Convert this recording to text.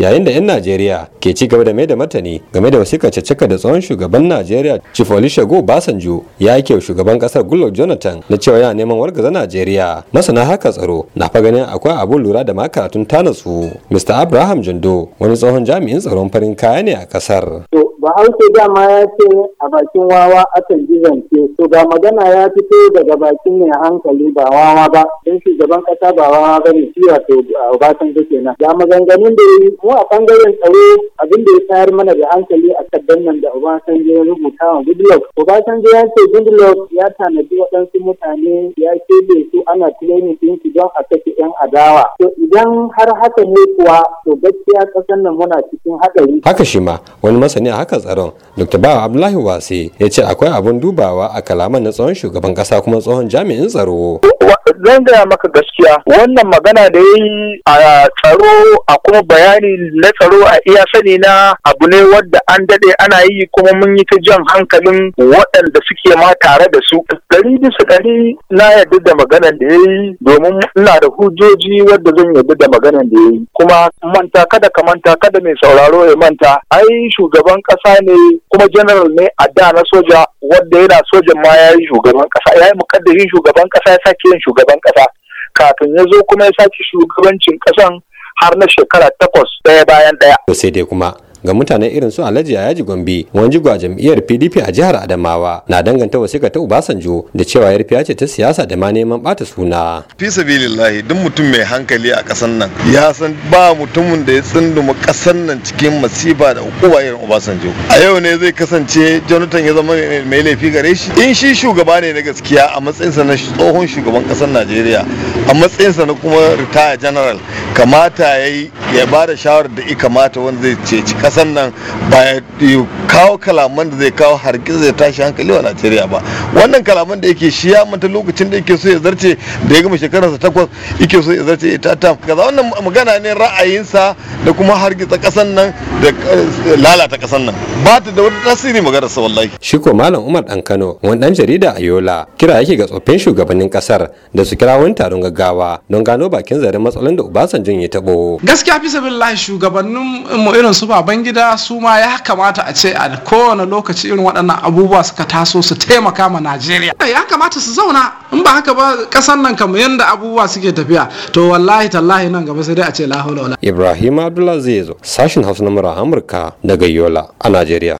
yayin da 'yan najeriya ke ci gaba da mai da martani game da wasikar caccaka da tsohon shugaban najeriya chief olusegun obasanjo ya yi kyau shugaban kasar goodluck jonathan na cewa yana neman wargaza najeriya masana haka tsaro na fa ganin akwai abun lura da makaratun su mr abraham jando wani tsohon jami'in tsaron farin kaya ne a kasar to Bahaushe dama ya ce a bakin wawa akan ji zance, to ga magana ya fito daga bakin mai hankali ba wawa ba, don shugaban kasa ba wawa ba ne shi wato Obasanjo kenan. Ga maganganun da yi mu a bangaren tsaro abin da ya tayar mana da hankali a kaddan nan da obasan ya rubuta wa Goodluck. obasan ya ce Goodluck ya tanadi waɗansu mutane ya keɓe su ana tilayin tunki don a kashe 'yan adawa. To idan har haka ne kuwa to gaskiya ƙasar nan muna cikin haɗari. Haka shi ma wani masani a haka harkar tsaron dr bawa abdullahi wase ya ce akwai abun dubawa a kalaman na tsohon shugaban kasa kuma tsohon jami'in tsaro zan gaya maka gaskiya wannan magana da ya yi a tsaro a kuma bayani na tsaro a iya sani na abu ne wadda an dade ana yi kuma mun yi ta jan hankalin waɗanda suke ma tare da su gari bisa gari na yarda da maganan da ya yi domin ina da hujjoji wadda zan yarda da maganan da ya yi kuma manta kada ka manta kada mai sauraro ya manta ai shugaban ƙasa ne kuma general ne a da na soja wadda yana sojan ma ya yi shugaban ƙasa ya yi muƙaddashin shugaban ƙasa ya sake yin shugaban shugaban ƙasa kafin ya zo kuma ya sake shugabancin kasan, har na shekara takwas ɗaya bayan ɗaya. sai dai kuma ga mutanen irin su Alhaji Yaji Gombe wani jigo jam'iyyar PDP a jihar Adamawa na danganta wasiƙa ta Obasanjo da cewa yarfiya ce ta siyasa da ma neman bata suna. Fi sabilillahi duk mutum mai hankali a ƙasar nan ya san ba mutumin da ya tsunduma ƙasar nan cikin masifa da hukuma irin Obasanjo. A yau ne zai kasance Jonathan ya zama mai laifi gare shi. In shi shugaba ne na gaskiya a matsayinsa na tsohon shugaban ƙasar Najeriya a matsayinsa na kuma ritaya general kamata ya yi ya ba da shawarar da ya kamata wanda zai ceci ƙasa kasan ba ya kawo kalaman da zai kawo hargitsa zai tashi hankali wa najeriya ba wannan kalaman da yake shi ya manta lokacin da yake so ya zarce da ya gama sa takwas yake so ya zarce ita ta kaza wannan magana ne ra'ayinsa da kuma hargitsa kasan nan da eh, lalata kasan nan ba ta da wata tasiri magana sa wallahi shi ko malam umar dan kano wani dan jarida a yola kira yake ga tsoffin shugabannin kasar da su kira wani taron gaggawa don gano bakin zarin matsalolin da ubasanjo ya tabo gaskiya fi sabillahi shugabannin mu irin su baban Yan gida su ma ya kamata a ce a kowane lokaci irin waɗannan abubuwa suka taso su taimaka ma najeriya ya kamata su zauna in ba haka ba ƙasar nan kamar yadda abubuwa suke tafiya to wallahi tallahi nan gaba sai dai a ce la Ibrahim abdullahi zai zo sashin hausa na amurka daga yola a najeriya